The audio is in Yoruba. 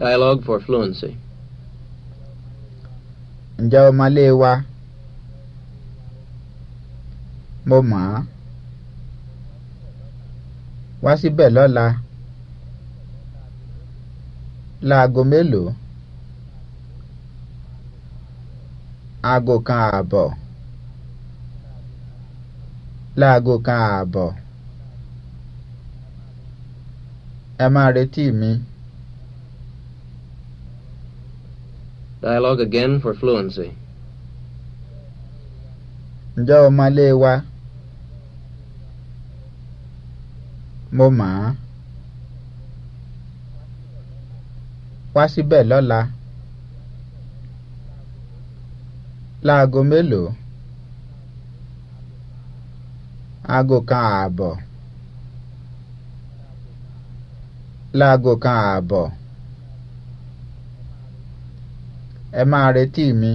Dialogue for fluency. Ǹjẹ́ o mọ ilé wa? Mo mọ̀ á. Wá síbẹ̀ lọ́la. Láago mélòó? Aago kan ààbọ̀. Láago kan ààbọ̀. Ẹ máa retí mi. Dialogue again for fluency. Ǹjẹ́ o máa lé e wa? Mo mà á. Wá síbẹ̀ lọ́la. Láago mélòó? Aago kan ààbọ̀. Láago kan ààbọ̀. ẹ máa retí mi